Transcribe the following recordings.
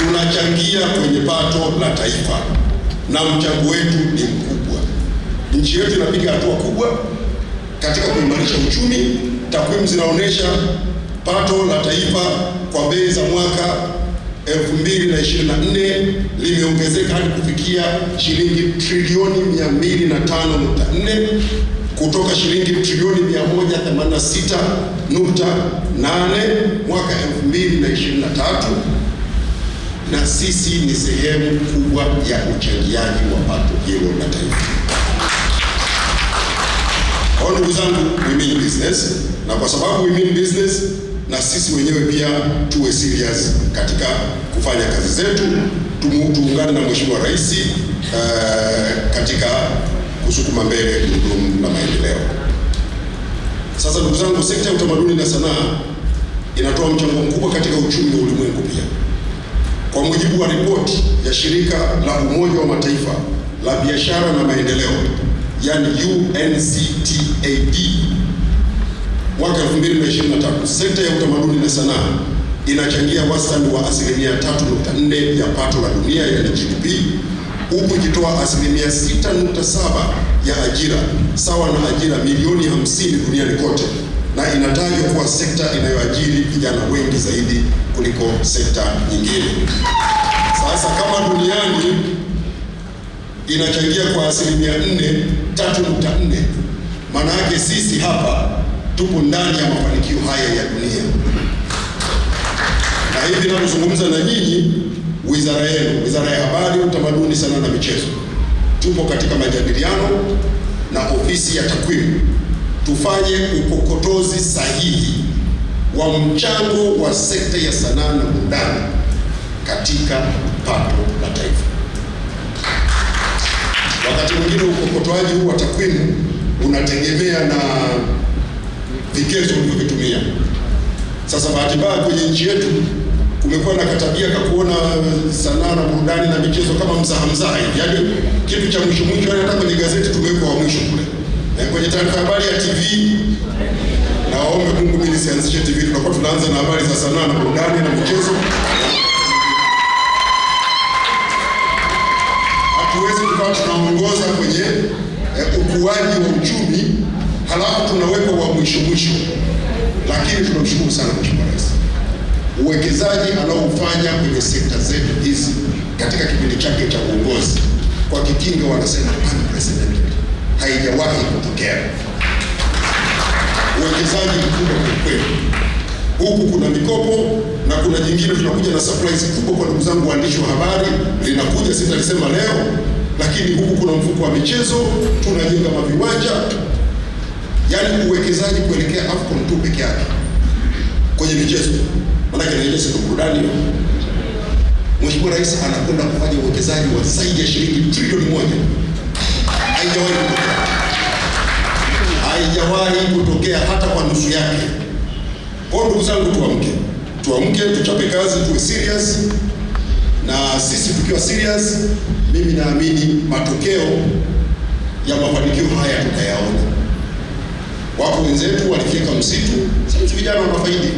tunachangia kwenye pato la taifa na mchango wetu ni mkubwa. Nchi yetu inapiga hatua kubwa katika kuimarisha uchumi. Takwimu zinaonyesha pato la taifa kwa bei za mwaka 2024 limeongezeka hadi kufikia shilingi trilioni 205.4 kutoka shilingi trilioni 186.8 mwaka 2023 na sisi ni sehemu kubwa ya uchangiaji wa pato hilo la taifa. Kwa ndugu zangu, we mean business, na kwa sababu we mean business, na sisi wenyewe pia tuwe serious katika kufanya kazi zetu. Tuungane na Mheshimiwa Rais uh, katika kusukuma mbele gurudumu la maendeleo. Sasa ndugu zangu, sekta ya utamaduni na sanaa inatoa mchango mkubwa katika uchumi wa ulimwengu pia. Kwa mujibu wa ripoti ya shirika la Umoja wa Mataifa la biashara na maendeleo, yani UNCTAD, mwaka 2023 sekta ya utamaduni na sanaa inachangia wastani wa asilimia 3.4 ya pato la dunia ya GDP huku ikitoa asilimia 6.7 ya ajira sawa na ajira milioni 50 duniani kote na inatajwa kuwa sekta inayoajiri vijana wengi zaidi kuliko sekta nyingine. Sasa kama duniani inachangia kwa asilimia nne tatu nukta nne maana yake sisi hapa tupo ndani ya mafanikio haya ya dunia, na hivi ninavyozungumza na nyinyi, wizara yenu, wizara ya habari, utamaduni, sanaa na michezo, tupo katika majadiliano na ofisi ya takwimu tufanye ukokotozi sahihi wa mchango wa sekta ya sanaa na burudani katika pato la taifa. Wakati mwingine ukokotoaji huu wa takwimu unategemea na vigezo ulivyovitumia. Sasa bahati mbaya kwenye nchi yetu kumekuwa na katabia kuona sanaa na burudani na michezo kama mzaha mzaha hivi, yaani kitu cha mwisho mwisho, hata kwenye gazeti tumewekwa wa mwisho kule. E, kwenye taarifa habari ya TV na waombe Mungu mimi nisianzishe TV, tunakuwa tunaanza na habari za sanaa na burudani na michezo. Hatuwezi tukawa tunaongoza kwenye eh, ukuaji wa uchumi halafu tunaweka wa mwisho mwisho, lakini tunamshukuru sana Mheshimiwa Rais, uwekezaji anaofanya kwenye sekta zetu hizi katika kipindi chake cha uongozi kwa kikinga wanasema unprecedented haijawahi kutokea, uwekezaji mkubwa kweli Huku kuna mikopo na kuna jingine tunakuja na surprise kubwa kwa ndugu zangu waandishi wa habari, linakuja sitalisema leo, lakini huku kuna mfuko wa michezo, tunajenga maviwanja, yani uwekezaji kuelekea AFCON tu peke yake kwenye michezo, maanake naeleza burudani Mheshimiwa Rais anakwenda kufanya uwekezaji wa zaidi ya shilingi trilioni moja haijawahi kutokea, haijawahi kutokea hata kwa nusu yake. Kwa ndugu zangu, tuamke, tuamke, tuchape kazi, tuwe serious na sisi tukiwa serious, mimi naamini matokeo ya mafanikio haya tutayaona. Wapo wenzetu walifika msitu, sisi vijana wanafaidi,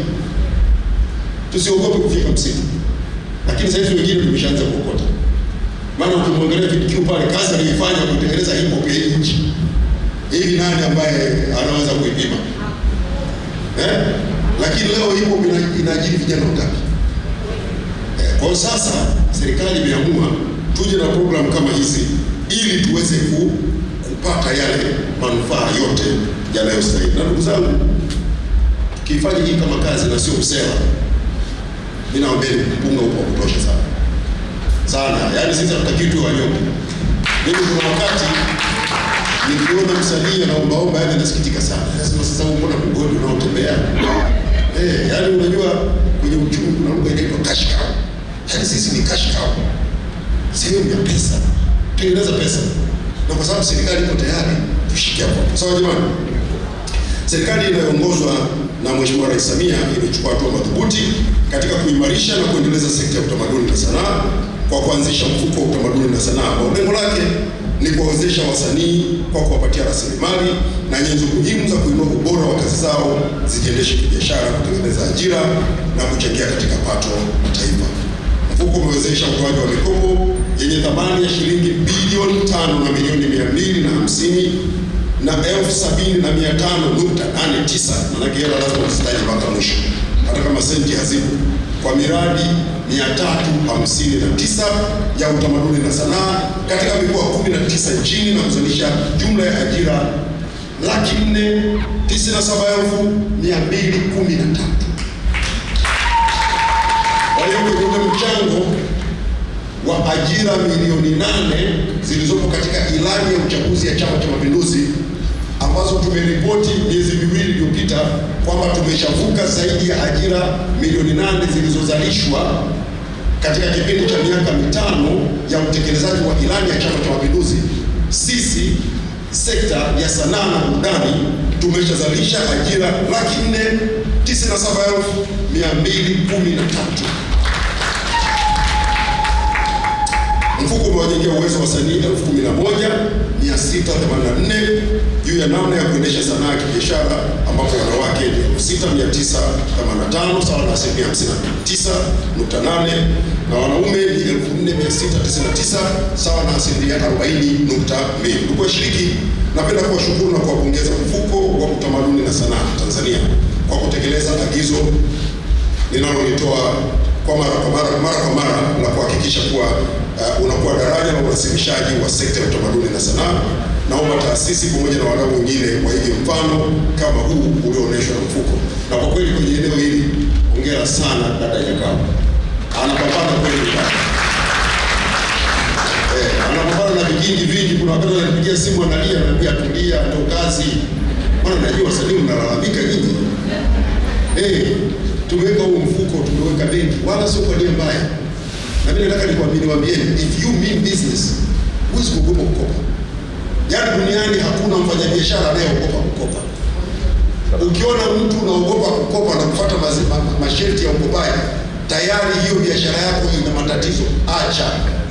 tusiogope kufika msitu, lakini sasa hivi wengine tumeshaanza kuokota maana ukimwangalia Kiu pale kazi aliifanya kutengeneza hii hop nchi. hii, nani ambaye anaweza kuipima? Eh? Lakini leo hip hop inaajiri vijana utaki. Eh, kwa sasa serikali imeamua tuje na program kama hizi ili tuweze ku, kupata yale manufaa yote yanayostahili. Na ndugu zangu, tukifanya hii kama kazi na sio msela, mimi mpunga upo wa kutosha sana sana, yaani sisi hatutaki tu wanyonge. Mimi kuna wakati nikiona msanii anaombaomba, yaani nasikitika sana, nasema sasa huko na mgodi unaotembea eh, yaani unajua kwenye uchumi kuna lugha inaitwa cash cow, yaani sisi ni cash cow, sehemu ya pesa, tengeneza pesa, na kwa sababu serikali iko tayari tushikia hapo. Sawa jamani, serikali inayoongozwa na Mheshimiwa Rais Samia imechukua hatua madhubuti katika kuimarisha na kuendeleza sekta ya utamaduni na sanaa kwa kuanzisha mfuko wa utamaduni na sanaa ambao lengo lake ni kuwawezesha wasanii kwa kuwapatia rasilimali na nyenzo muhimu za kuinua ubora wa kazi zao zijiendeshe kibiashara, kutengeneza ajira na kuchangia katika pato la taifa. Mfuko umewezesha utoaji wa mikopo yenye thamani ya shilingi bilioni tano na milioni mia mbili na hamsini na elfu sabini na mia tano nukta nane tisa manake hela lazima uzitaje mpaka mwisho, hata kama senti hazipo kwa miradi 359 ya utamaduni na sanaa katika mikoa 19 nchini na kuzalisha jumla ya ajira laki 497,213. mchango wa ajira milioni nane zilizopo katika ilani ya uchaguzi ya Chama cha Mapinduzi ambazo tumeripoti miezi miwili iliyopita kwamba tumeshavuka zaidi ya ajira milioni nane zilizozalishwa katika kipindi cha miaka mitano ya utekelezaji wa ilani ya Chama cha Mapinduzi, sisi sekta ya sanaa na burudani tumeshazalisha ajira laki nne tisini na saba elfu mia mbili kumi na tatu. Mfuko umewajengea uwezo wasanii elfu kumi na moja mia sita themanini na nne juu ya namna ya kuendesha sanaa ya kibiashara ambapo wanawake ni elfu sita mia tisa themanini na tano sawa na asilimia hamsini na tisa nukta nane na wanaume ni elfu nne mia sita tisini na tisa sawa na asilimia arobaini nukta mbili. Ndugu washiriki, napenda kuwashukuru na kuwapongeza mfuko wa utamaduni na sanaa Tanzania kwa kutekeleza agizo linalolitoa kwa mara kwa mara mara kwa mara na kuhakikisha kuwa uh, unakuwa daraja la urasimishaji wa sekta ya utamaduni na sanaa. Naomba taasisi pamoja na wadau wengine waige mfano kama huu ulioonyeshwa na mfuko, na kwa kweli kwenye eneo hili hongera sana dada Nyakao, anapambana kweli eh, anapambana na vikingi vingi. Kuna wakati ananipigia simu analia, ananiambia atulia, ndio kazi, maana najua wasanii mnalalamika nyinyi eh tumeweka huu mfuko, tumeweka benki, wala sio kwa nia mbaya. Na mimi nataka niwaambieni, if you mean business, huwezi kuogopa kukopa. Yaani duniani hakuna mfanyabiashara anayeogopa kukopa. Ukiona mtu unaogopa kukopa na kufuata masharti ya ukopaji, tayari hiyo biashara yako ina matatizo. Acha.